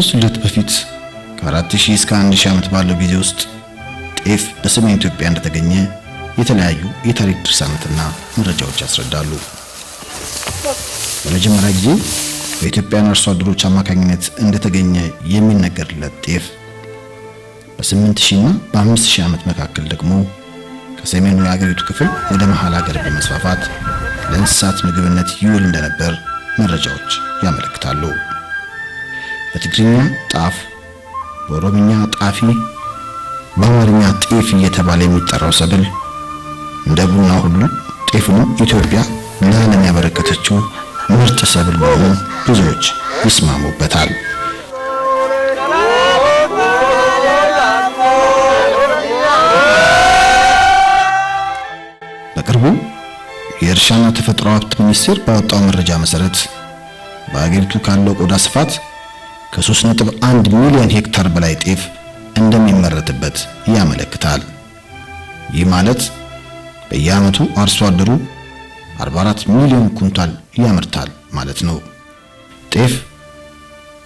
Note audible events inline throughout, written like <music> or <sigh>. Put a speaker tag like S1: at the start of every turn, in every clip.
S1: ከክርስቶስ ልደት በፊት ከአራት ሺህ እስከ አንድ ሺህ ዓመት ባለው ጊዜ ውስጥ ጤፍ በሰሜን ኢትዮጵያ እንደተገኘ የተለያዩ የታሪክ ድርሳናትና መረጃዎች ያስረዳሉ። በመጀመሪያ ጊዜ በኢትዮጵያን አርሶ አደሮች አማካኝነት እንደተገኘ የሚነገርለት ጤፍ በ8000 እና በ5000 ዓመት መካከል ደግሞ ከሰሜኑ የአገሪቱ ክፍል ወደ መሃል ሀገር በመስፋፋት ለእንስሳት ምግብነት ይውል እንደነበር መረጃዎች ያመለክታሉ። በትግርኛ ጣፍ፣ በኦሮምኛ ጣፊ፣ በአማርኛ ጤፍ እየተባለ የሚጠራው ሰብል እንደ ቡና ሁሉ ጤፍንም ኢትዮጵያ ለዓለም ያበረከተችው ምርጥ ሰብል መሆኑን ብዙዎች ይስማሙበታል። በቅርቡ የእርሻና ተፈጥሮ ሀብት ሚኒስቴር ባወጣው መረጃ መሰረት በአገሪቱ ካለው ቆዳ ስፋት ከ3.1 ሚሊዮን ሄክታር በላይ ጤፍ እንደሚመረትበት ያመለክታል። ይህ ማለት በየዓመቱ አርሶ አደሩ 44 ሚሊዮን ኩንታል ያመርታል ማለት ነው። ጤፍ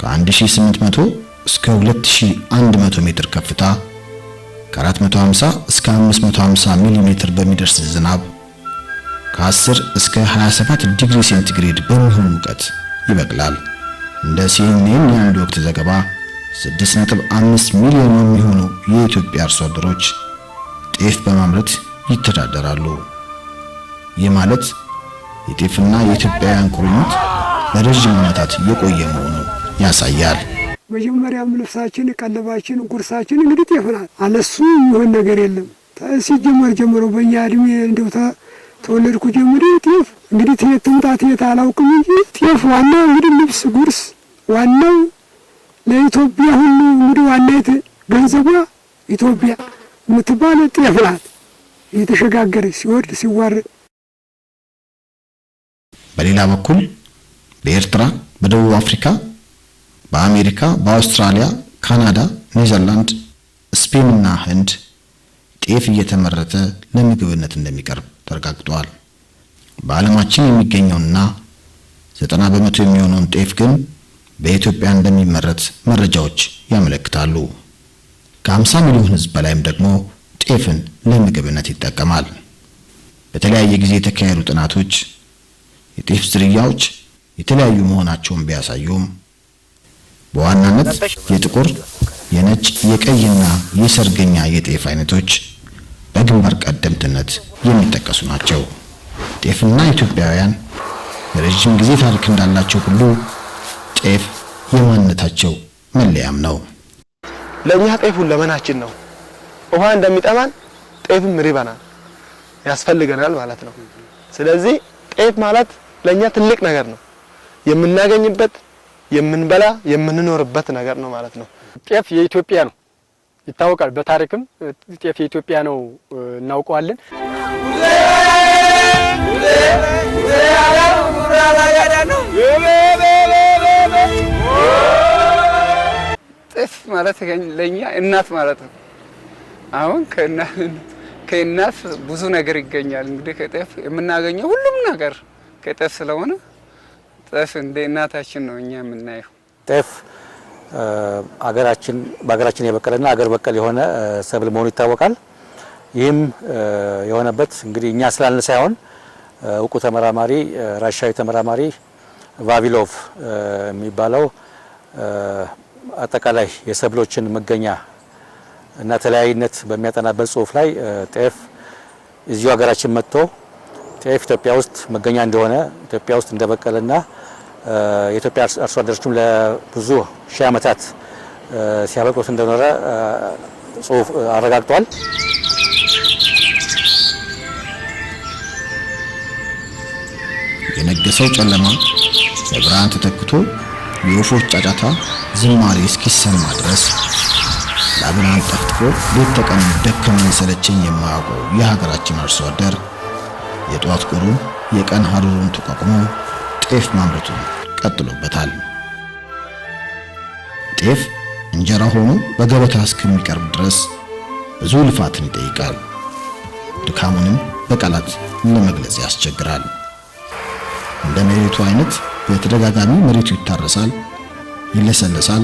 S1: ከ1800 እስከ 2100 ሜትር ከፍታ ከ450 እስከ 550 ሚሊ ሜትር በሚደርስ ዝናብ ከ10 እስከ 27 ዲግሪ ሴንቲግሬድ በሚሆን ሙቀት ይበቅላል። እንደ ሲኤንኤን የአንድ ወቅት ዘገባ 6.5 ሚሊዮን የሚሆኑ የኢትዮጵያ አርሶ አደሮች ጤፍ በማምረት ይተዳደራሉ። ይህ ማለት የጤፍና የኢትዮጵያውያን ቁርኝት ለረዥም ዓመታት የቆየ መሆኑ ያሳያል።
S2: መጀመሪያም ልብሳችን፣ ቀለባችን፣ ጉርሳችን እንግዲህ ጤፍ ናት። አለሱ የሚሆን ነገር የለም። ሲጀመር ጀምሮ በእኛ እድሜ እንደው ተወለድኩ ጀምሬ ጤፍ እንግዲህ ትየት ትምጣ አላውቅም እንጂ ጤፍ ዋና እንግዲህ ልብስ፣ ጉርስ ዋናው ለኢትዮጵያ ሁሉ እንግዲህ ዋናይት ገንዘቧ ኢትዮጵያ የምትባል ጤፍ ናት። እየተሸጋገረ ሲወርድ ሲዋረድ።
S1: በሌላ በኩል በኤርትራ፣ በደቡብ አፍሪካ፣ በአሜሪካ፣ በአውስትራሊያ፣ ካናዳ፣ ኔዘርላንድ፣ ስፔንና ህንድ ጤፍ እየተመረተ ለምግብነት እንደሚቀርብ ተረጋግጧል። በዓለማችን የሚገኘውና ዘጠና በመቶ የሚሆነውን ጤፍ ግን በኢትዮጵያ እንደሚመረት መረጃዎች ያመለክታሉ። ከ50 ሚሊዮን ህዝብ በላይም ደግሞ ጤፍን ለምግብነት ይጠቀማል። በተለያየ ጊዜ የተካሄዱ ጥናቶች የጤፍ ዝርያዎች የተለያዩ መሆናቸውን ቢያሳዩም በዋናነት የጥቁር፣ የነጭ፣ የቀይና የሰርገኛ የጤፍ አይነቶች በግንባር ቀደምትነት የሚጠቀሱ ናቸው። ጤፍና ኢትዮጵያውያን የረዥም ጊዜ ታሪክ እንዳላቸው ሁሉ ጤፍ የማንነታቸው መለያም ነው።
S3: ለእኛ ጤፉ ለመናችን ነው። ውሃ እንደሚጠማን ጤፍም ሪባና ያስፈልገናል ማለት ነው። ስለዚህ ጤፍ ማለት ለእኛ ትልቅ ነገር ነው። የምናገኝበት፣ የምንበላ፣ የምንኖርበት ነገር ነው ማለት ነው። ጤፍ የኢትዮጵያ ነው ይታወቃል። በታሪክም ጤፍ የኢትዮጵያ ነው እናውቀዋለን።
S4: ነው ጤፍ ማለት ለኛ እናት ማለት ነው። አሁን ከእናት <laughs> ብዙ ነገር ይገኛል። እንግዲህ ከጤፍ የምናገኘው ሁሉም ነገር ከጤፍ ስለሆነ ጤፍ እንደ እናታችን ነው እኛ የምናየው።
S5: ጤፍ አገራችን በሀገራችን የበቀለና አገር በቀል የሆነ ሰብል መሆኑ ይታወቃል። ይህም የሆነበት እንግዲህ እኛ ስላልን ሳይሆን እውቁ ተመራማሪ ራሻዊ ተመራማሪ ቫቪሎቭ የሚባለው አጠቃላይ የሰብሎችን መገኛ እና ተለያይነት በሚያጠናበት ጽሁፍ ላይ ጤፍ እዚሁ ሀገራችን መጥቶ ጤፍ ኢትዮጵያ ውስጥ መገኛ እንደሆነ ኢትዮጵያ ውስጥ እንደበቀለና የኢትዮጵያ አርሶ አደሮችም ለብዙ ሺህ ዓመታት ሲያበቅሉት እንደኖረ ጽሁፍ አረጋግጧል።
S1: የነገሰው ጨለማ በብርሃን ተተክቶ የወፎች ጫጫታ ዝማሬ እስኪሰማ ድረስ ላብን ጠፍጥፎ ሌት ተቀን ደከመኝ ሰለቸኝ የማያውቀው የሀገራችን አርሶ አደር የጠዋት ቁሩን የቀን ሀሩሩን ተቋቁሞ ጤፍ ማምረቱን ቀጥሎበታል። ጤፍ እንጀራ ሆኖ በገበታ እስከሚቀርብ ድረስ ብዙ ልፋትን ይጠይቃል። ድካሙንም በቃላት ለመግለጽ ያስቸግራል። እንደ መሬቱ አይነት በተደጋጋሚ መሬቱ ይታረሳል፣ ይለሰለሳል።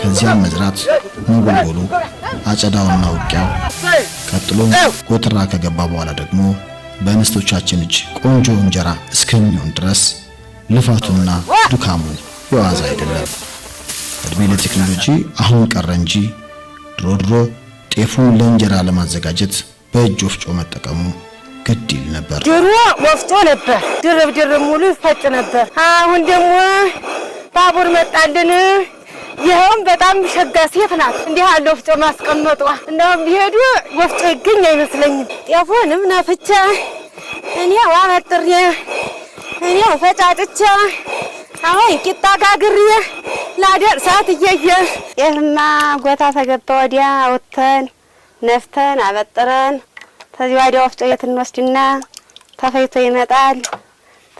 S1: ከዚያም መዝራት መጎልጎሉ፣ አጨዳውና ውቂያው ቀጥሎ ጎተራ ከገባ በኋላ ደግሞ በእንስቶቻችን እጅ ቆንጆ እንጀራ እስከሚሆን ድረስ ልፋቱና ድካሙ የዋዛ አይደለም። እድሜ ለቴክኖሎጂ አሁን ቀረ እንጂ ድሮ ድሮ ጤፉን ለእንጀራ ለማዘጋጀት በእጅ ወፍጮ መጠቀሙ ገድ ይል ነበር።
S6: ድሮ ወፍጮ ነበር፣ ድርብ ድርብ ሙሉ ይፈጭ ነበር። አሁን ደግሞ ባቡር መጣልን። ይኸውም በጣም ሸጋ ሴት ናት። እንዲህ አለ ወፍጮ ማስቀመጧ እንደውም ቢሄዱ ወፍጮ ይገኝ አይመስለኝም። ጤፉንም ነፍቼ እኔ አበጥሬ እኔ ፈጫጭቼ አሁን ቂጣ ጋግሬ ላደር ሰዓት እየየ ጤፍማ ጎታ ተገብቶ ወዲያ አውጥተን ነፍተን አበጥረን ከዚህ ወዲያ ወፍጮ ቤት እንወስድና ተፈይቶ ይመጣል።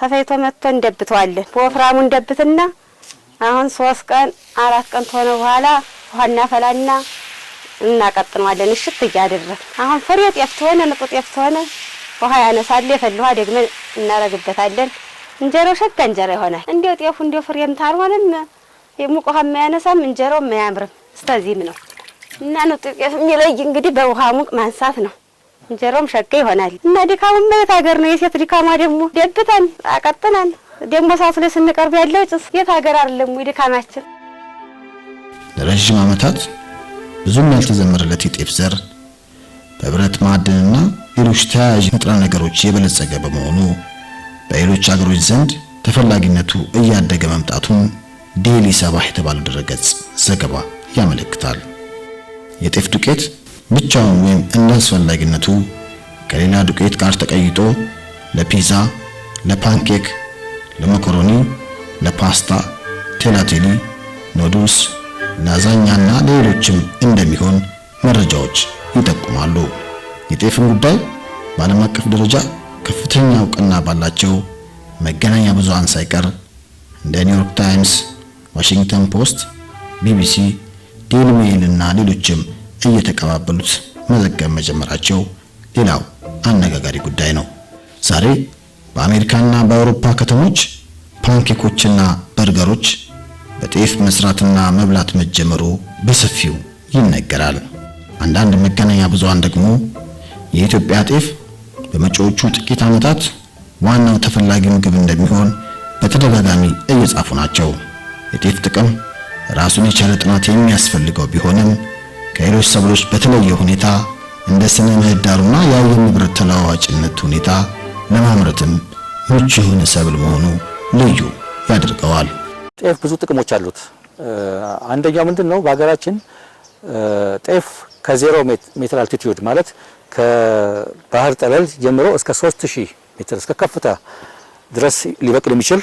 S6: ተፈይቶ መጥቶ እንደብተዋለን። በወፍራሙ እንደብትና አሁን ሶስት ቀን አራት ቀን ከሆነ በኋላ ውሃ እናፈላና እናቀጥነዋለን። እሽት እያደረግን አሁን ፍሬ ጤፍ ትሆነ ንጡ ጤፍ ተሆነ ውሃ ያነሳል። የፈል ውሃ እናረግበታለን። እንጀራው ሸጋ እንጀራ ይሆናል። እንዲው ጤፉ እንዲው ፍሬም ታልሆነም ሙቅ ውሃ የማያነሳም እንጀራው የማያምርም። ስለዚህም ነው እና ንጡ ጤፍ የሚለይ እንግዲህ በውሃ ሙቅ ማንሳት ነው። እንጀራውም ሸጋ ይሆናል እና ድካሙም የት ሀገር ነው። የሴት ድካማ ደግሞ ደብተን አቀጥናን ደግሞ ሳቱ ላይ ስንቀርብ ያለው ጭስ የት ሀገር አይደለም ወይ ድካማችን።
S1: ለረዥም ዓመታት ብዙም ያልተዘመረለት የጤፍ ዘር በብረት ማዕድንና ሌሎች ተያያዥ ንጥረ ነገሮች የበለጸገ በመሆኑ በሌሎች አገሮች ዘንድ ተፈላጊነቱ እያደገ መምጣቱን ዴሊ ሰባህ የተባለው ድረገጽ ዘገባ ያመለክታል። የጤፍ ዱቄት ብቻውን ወይም እንደ አስፈላጊነቱ ከሌላ ዱቄት ጋር ተቀይጦ ለፒዛ፣ ለፓንኬክ፣ ለመኮሮኒ፣ ለፓስታ፣ ቴላቴሊ፣ ኖዱስ፣ ላዛኛና ለሌሎችም እንደሚሆን መረጃዎች ይጠቁማሉ። የጤፍን ጉዳይ በዓለም አቀፍ ደረጃ ከፍተኛ እውቅና ባላቸው መገናኛ ብዙሃን ሳይቀር እንደ ኒውዮርክ ታይምስ፣ ዋሽንግተን ፖስት፣ ቢቢሲ፣ ዴይሊ ሜይል እና ሌሎችም እየተቀባበሉት መዘገብ መጀመራቸው ሌላው አነጋጋሪ ጉዳይ ነው። ዛሬ በአሜሪካና በአውሮፓ ከተሞች ፓንኬኮችና በርገሮች በጤፍ መስራትና መብላት መጀመሩ በሰፊው ይነገራል። አንዳንድ መገናኛ ብዙሃን ደግሞ የኢትዮጵያ ጤፍ በመጪዎቹ ጥቂት ዓመታት ዋናው ተፈላጊ ምግብ እንደሚሆን በተደጋጋሚ እየጻፉ ናቸው። የጤፍ ጥቅም ራሱን የቻለ ጥናት የሚያስፈልገው ቢሆንም ከሌሎች ሰብሎች በተለየ ሁኔታ እንደ ስነ ምህዳሩና የአየር ንብረት ተለዋዋጭነት ሁኔታ ለማምረትም ምቹ የሆነ ሰብል መሆኑ ልዩ ያደርገዋል።
S3: ጤፍ ብዙ ጥቅሞች አሉት። አንደኛው ምንድን ነው? በሀገራችን ጤፍ ከዜሮ ሜትር አልቲቲዩድ ማለት ከባህር ጠለል ጀምሮ እስከ 3000 ሜትር እስከ ከፍታ ድረስ ሊበቅል የሚችል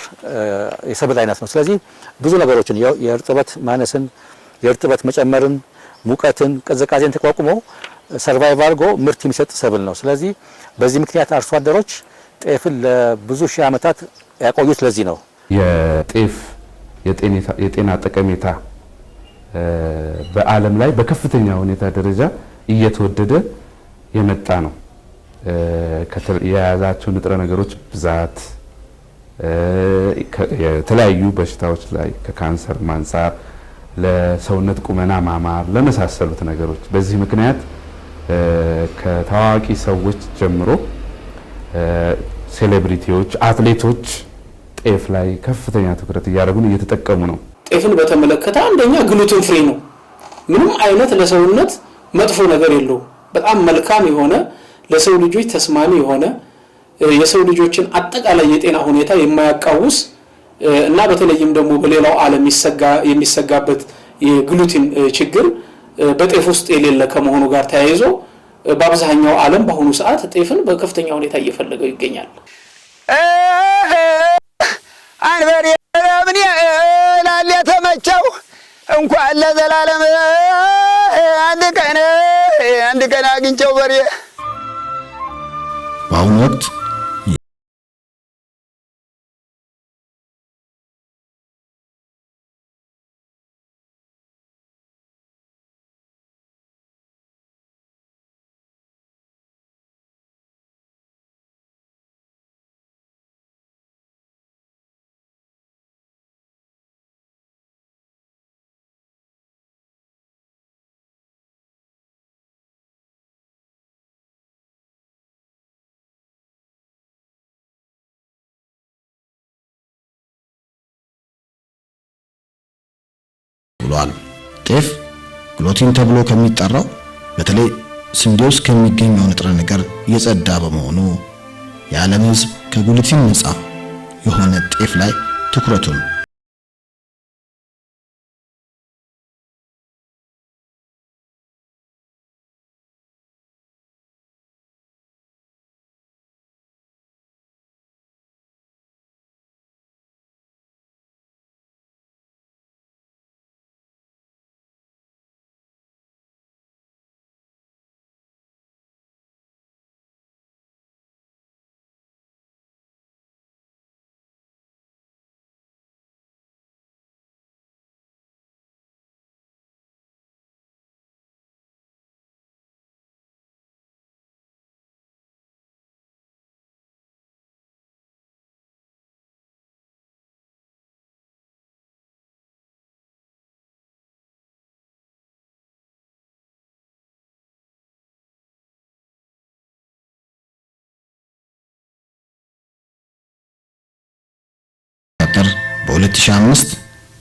S3: የሰብል አይነት ነው። ስለዚህ ብዙ ነገሮችን የእርጥበት ማነስን፣ የእርጥበት መጨመርን ሙቀትን፣ ቅዝቃዜን ተቋቁሞ ሰርቫይቭ አድርጎ ምርት የሚሰጥ ሰብል ነው። ስለዚህ በዚህ ምክንያት አርሶ አደሮች ጤፍን ለብዙ ሺህ ዓመታት ያቆዩት ለዚህ ነው።
S7: የጤፍ የጤና ጠቀሜታ በዓለም ላይ በከፍተኛ ሁኔታ ደረጃ እየተወደደ የመጣ ነው። የያዛቸው ንጥረ ነገሮች ብዛት የተለያዩ በሽታዎች ላይ ከካንሰር ማንሳር ለሰውነት ቁመና ማማር ለመሳሰሉት ነገሮች። በዚህ ምክንያት ከታዋቂ ሰዎች ጀምሮ ሴሌብሪቲዎች፣ አትሌቶች ጤፍ ላይ ከፍተኛ ትኩረት እያደረጉን እየተጠቀሙ ነው።
S3: ጤፍን በተመለከተ አንደኛ ግሉትን ፍሪ ነው። ምንም አይነት ለሰውነት መጥፎ ነገር የለውም። በጣም መልካም የሆነ ለሰው ልጆች ተስማሚ የሆነ የሰው ልጆችን አጠቃላይ የጤና ሁኔታ የማያቃውስ እና በተለይም ደግሞ በሌላው ዓለም የሚሰጋበት የግሉቲን ችግር በጤፍ ውስጥ የሌለ ከመሆኑ ጋር ተያይዞ በአብዛኛው ዓለም በአሁኑ ሰዓት ጤፍን በከፍተኛ ሁኔታ እየፈለገው ይገኛል። አንበሬ ምን ላል የተመቸው እንኳን
S1: ለዘላለም አንድ ቀን አንድ ቀን አግኝቸው በሬ በአሁኑ ወቅት ብሏል። ጤፍ ግሎቲን ተብሎ ከሚጠራው በተለይ ስንዴ ውስጥ ከሚገኘው ንጥረ ነገር የጸዳ በመሆኑ የዓለም ሕዝብ ከጉልቲን ነፃ የሆነ ጤፍ ላይ ትኩረቱን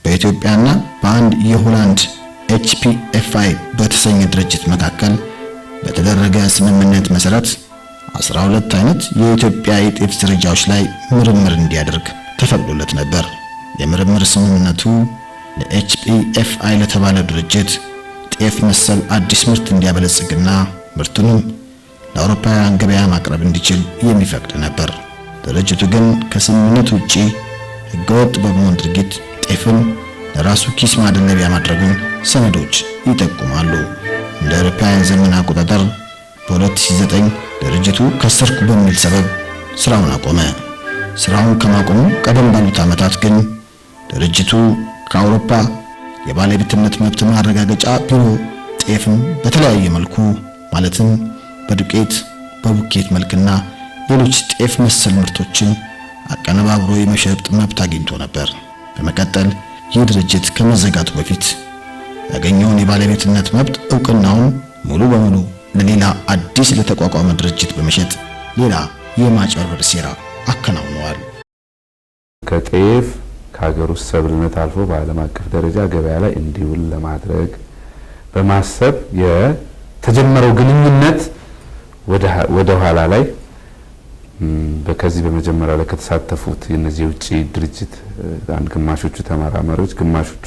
S1: በኢትዮጵያና በአንድ የሆላንድ ኤችፒኤፍአይ በተሰኘ ድርጅት መካከል በተደረገ ስምምነት መሰረት 12 አይነት የኢትዮጵያ የጤፍ ዝርያዎች ላይ ምርምር እንዲያደርግ ተፈቅዶለት ነበር። የምርምር ስምምነቱ ለኤችፒኤፍአይ ለተባለ ድርጅት ጤፍ መሰል አዲስ ምርት እንዲያበለጽግና ምርቱንም ለአውሮፓውያን ገበያ ማቅረብ እንዲችል የሚፈቅድ ነበር። ድርጅቱ ግን ከስምምነቱ ውጪ ህገወጥ በመሆን ድርጊት ጤፍን ለራሱ ኪስ ማደለቢያ ማድረጉን ሰነዶች ይጠቁማሉ። እንደ አውሮፓውያን ዘመን አቆጣጠር በ2009 ድርጅቱ ከሰርኩ በሚል ሰበብ ስራውን አቆመ። ስራውን ከማቆሙ ቀደም ባሉት ዓመታት ግን ድርጅቱ ከአውሮፓ የባለቤትነት መብት ማረጋገጫ ቢሮ ጤፍን በተለያየ መልኩ ማለትም በዱቄት፣ በቡኬት መልክና ሌሎች ጤፍ መሰል ምርቶችን አቀነባብሮ የመሸጥ መብት አግኝቶ ነበር። በመቀጠል ይህ ድርጅት ከመዘጋቱ በፊት ያገኘውን የባለቤትነት መብት እውቅናውን ሙሉ በሙሉ ለሌላ አዲስ ለተቋቋመ ድርጅት በመሸጥ ሌላ የማጭበርበር ሴራ አከናውነዋል።
S7: ከጤፍ ከሀገር ውስጥ ሰብልነት አልፎ በዓለም አቀፍ ደረጃ ገበያ ላይ እንዲውል ለማድረግ በማሰብ የተጀመረው ግንኙነት ወደ ኋላ ላይ በከዚህ በመጀመሪያ ላይ ከተሳተፉት የነዚህ የውጭ ድርጅት አንድ ግማሾቹ ተመራማሪዎች፣ ግማሾቹ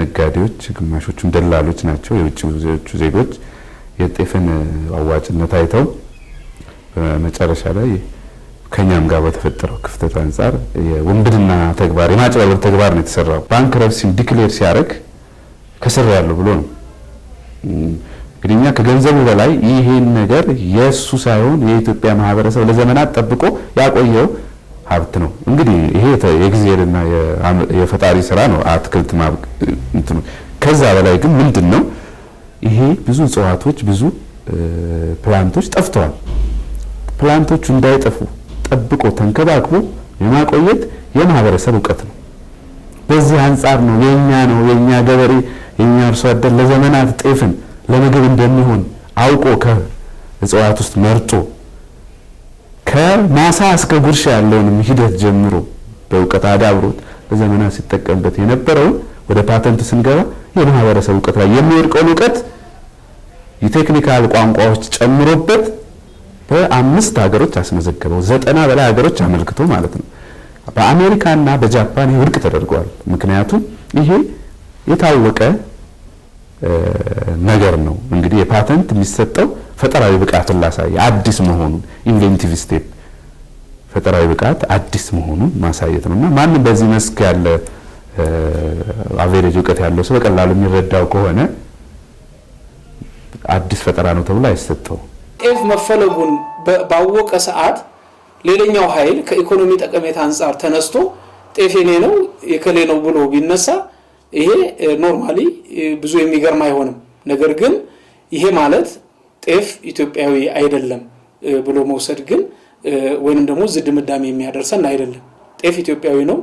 S7: ነጋዴዎች፣ ግማሾቹም ደላሎች ናቸው። የውጭ ዜጎች የጤፍን አዋጭነት አይተው በመጨረሻ ላይ ከኛም ጋር በተፈጠረው ክፍተት አንጻር የውንብድና ተግባር የማጭበርበር ተግባር ነው የተሰራው። ባንክረፕሲ ዲክሌር ሲያደርግ ከስራ ያለው ብሎ ነው እንግዲህ እኛ ከገንዘቡ በላይ ይሄን ነገር የእሱ ሳይሆን የኢትዮጵያ ማህበረሰብ ለዘመናት ጠብቆ ያቆየው ሀብት ነው። እንግዲህ ይሄ የእግዚአብሔርና የፈጣሪ ስራ ነው። አትክልት ከዛ በላይ ግን ምንድን ነው ይሄ ብዙ እጽዋቶች፣ ብዙ ፕላንቶች ጠፍተዋል። ፕላንቶቹ እንዳይጠፉ ጠብቆ ተንከባክቦ የማቆየት የማህበረሰብ እውቀት ነው። በዚህ አንጻር ነው የኛ ነው የኛ ገበሬ የኛ አርሶ አደር ለዘመናት ጤፍን ለምግብ እንደሚሆን አውቆ ከእጽዋት ውስጥ መርጦ ከማሳ እስከ ጉርሻ ያለውንም ሂደት ጀምሮ በእውቀት አዳብሮት በዘመናት ሲጠቀምበት የነበረውን ወደ ፓተንት ስንገባ የማህበረሰብ እውቀት ላይ የሚወድቀውን እውቀት የቴክኒካል ቋንቋዎች ጨምሮበት በአምስት ሀገሮች አስመዘገበው። ዘጠና በላይ ሀገሮች አመልክቶ ማለት ነው። በአሜሪካና በጃፓን ውድቅ ተደርጓል። ምክንያቱም ይሄ የታወቀ ነገር ነው። እንግዲህ የፓተንት የሚሰጠው ፈጠራዊ ብቃትን ላሳየ አዲስ መሆኑን ኢንቨንቲቭ ስቴፕ ፈጠራዊ ብቃት አዲስ መሆኑን ማሳየት ነው እና ማንም በዚህ መስክ ያለ አቬሬጅ እውቀት ያለው ሰው በቀላሉ የሚረዳው ከሆነ አዲስ ፈጠራ ነው ተብሎ አይሰጠው።
S3: ጤፍ መፈለጉን ባወቀ ሰዓት ሌላኛው ኃይል ከኢኮኖሚ ጠቀሜታ አንጻር ተነስቶ ጤፍ የኔ ነው የከሌ ነው ብሎ ቢነሳ ይሄ ኖርማሊ ብዙ የሚገርም አይሆንም። ነገር ግን ይሄ ማለት ጤፍ ኢትዮጵያዊ አይደለም ብሎ መውሰድ ግን ወይንም ደግሞ እዚህ ድምዳሜ የሚያደርሰን አይደለም። ጤፍ ኢትዮጵያዊ ነው።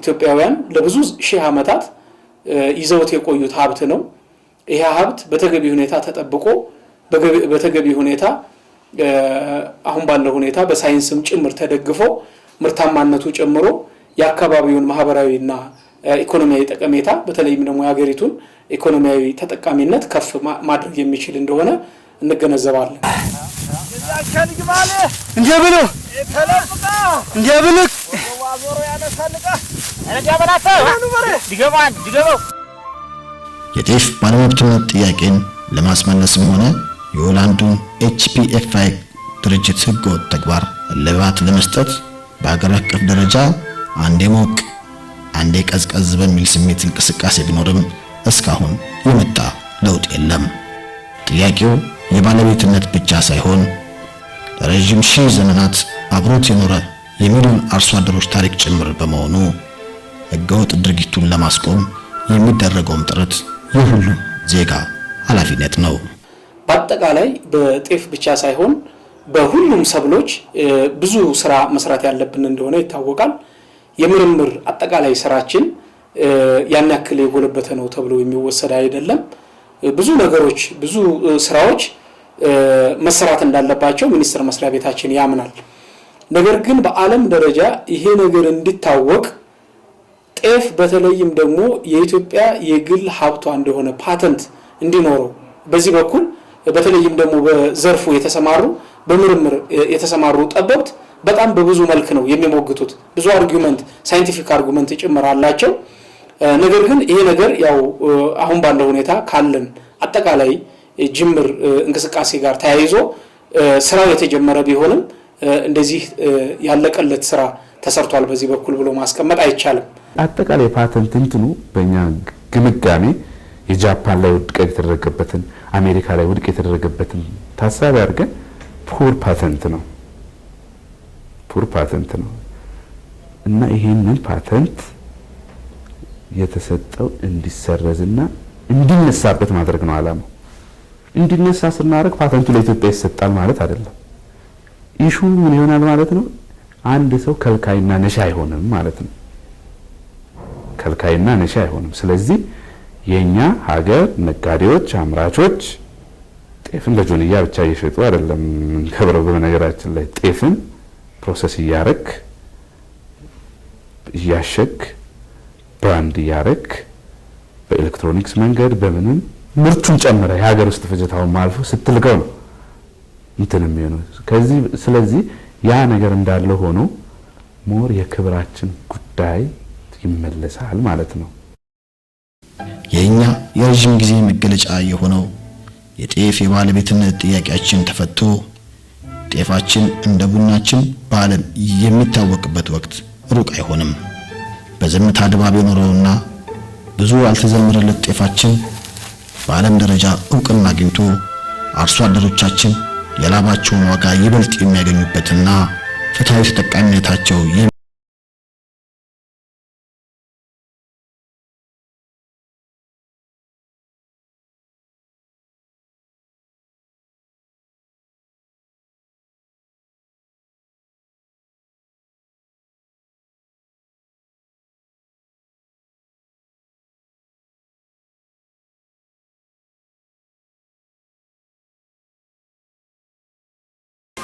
S3: ኢትዮጵያውያን ለብዙ ሺህ ዓመታት ይዘውት የቆዩት ሀብት ነው። ይሄ ሀብት በተገቢ ሁኔታ ተጠብቆ በተገቢ ሁኔታ አሁን ባለው ሁኔታ በሳይንስም ጭምር ተደግፎ ምርታማነቱ ጨምሮ የአካባቢውን ማህበራዊና ኢኮኖሚያዊ ጠቀሜታ በተለይም ደግሞ የሀገሪቱን ኢኮኖሚያዊ ተጠቃሚነት ከፍ ማድረግ የሚችል እንደሆነ እንገነዘባለን።
S1: የጤፍ ባለመብትነት ጥያቄን ለማስመለስም ሆነ የሆላንዱን ኤችፒኤፍአይ ድርጅት ህገወጥ ተግባር እልባት ለመስጠት በአገር አቀፍ ደረጃ አንድ የሞቅ አንዴ ቀዝቀዝ በሚል ስሜት እንቅስቃሴ ቢኖርም እስካሁን የመጣ ለውጥ የለም። ጥያቄው የባለቤትነት ብቻ ሳይሆን ለረዥም ሺህ ዘመናት አብሮት የኖረ የሚሊዮን አርሶ አደሮች ታሪክ ጭምር በመሆኑ ህገወጥ ድርጊቱን ለማስቆም የሚደረገውም ጥረት የሁሉም ዜጋ ኃላፊነት ነው።
S3: በአጠቃላይ በጤፍ ብቻ ሳይሆን በሁሉም ሰብሎች ብዙ ስራ መስራት ያለብን እንደሆነ ይታወቃል። የምርምር አጠቃላይ ስራችን ያን ያክል የጎለበተ ነው ተብሎ የሚወሰድ አይደለም። ብዙ ነገሮች ብዙ ስራዎች መሰራት እንዳለባቸው ሚኒስቴር መስሪያ ቤታችን ያምናል። ነገር ግን በዓለም ደረጃ ይሄ ነገር እንዲታወቅ ጤፍ በተለይም ደግሞ የኢትዮጵያ የግል ሀብቷ እንደሆነ ፓተንት እንዲኖረው በዚህ በኩል በተለይም ደግሞ በዘርፉ የተሰማሩ በምርምር የተሰማሩ ጠበብት በጣም በብዙ መልክ ነው የሚሞግቱት። ብዙ አርጊመንት ሳይንቲፊክ አርጉመንት ጭምር አላቸው። ነገር ግን ይሄ ነገር ያው አሁን ባለው ሁኔታ ካለን አጠቃላይ ጅምር እንቅስቃሴ ጋር ተያይዞ ስራው የተጀመረ ቢሆንም እንደዚህ ያለቀለት ስራ ተሰርቷል በዚህ በኩል ብሎ ማስቀመጥ አይቻልም።
S7: አጠቃላይ ፓተንት እንትኑ በእኛ ግምጋሜ የጃፓን ላይ ውድቀ የተደረገበትን አሜሪካ ላይ ውድቅ የተደረገበትን ታሳቢ አድርገን ፑር ፓተንት ነው። ፑር ፓተንት ነው እና ይሄንን ፓተንት የተሰጠው እንዲሰረዝና እንዲነሳበት ማድረግ ነው አላማው። እንዲነሳ ስናደርግ ፓተንቱ ለኢትዮጵያ ይሰጣል ማለት አይደለም። ኢሹ ምን ይሆናል ማለት ነው? አንድ ሰው ከልካይና ነሻ አይሆንም ማለት ነው። ከልካይና ነሻ አይሆንም። ስለዚህ የኛ ሀገር ነጋዴዎች፣ አምራቾች ጤፍን በጆንያ ብቻ እየሸጡ አይደለም ከብረው። በነገራችን ላይ ጤፍን ፕሮሰስ እያረክ እያሸግ ብራንድ እያረክ በኤሌክትሮኒክስ መንገድ በምንም ምርቱን ጨምረ የሀገር ውስጥ ፍጀታውን አልፎ ስትልቀው ነው እንትን የሚሆነው ከዚህ። ስለዚህ ያ ነገር እንዳለ ሆኖ ሞር የክብራችን ጉዳይ ይመለሳል ማለት ነው።
S1: የእኛ የረዥም ጊዜ መገለጫ የሆነው የጤፍ የባለቤትነት ጥያቄያችን ተፈቶ ጤፋችን እንደ ቡናችን በዓለም የሚታወቅበት ወቅት ሩቅ አይሆንም። በዝምታ ድባብ የኖረውና ብዙ ያልተዘመረለት ጤፋችን በዓለም ደረጃ እውቅና አግኝቶ አርሶ አደሮቻችን የላባቸውን ዋጋ ይበልጥ የሚያገኙበትና ፍትሐዊ ተጠቃሚነታቸው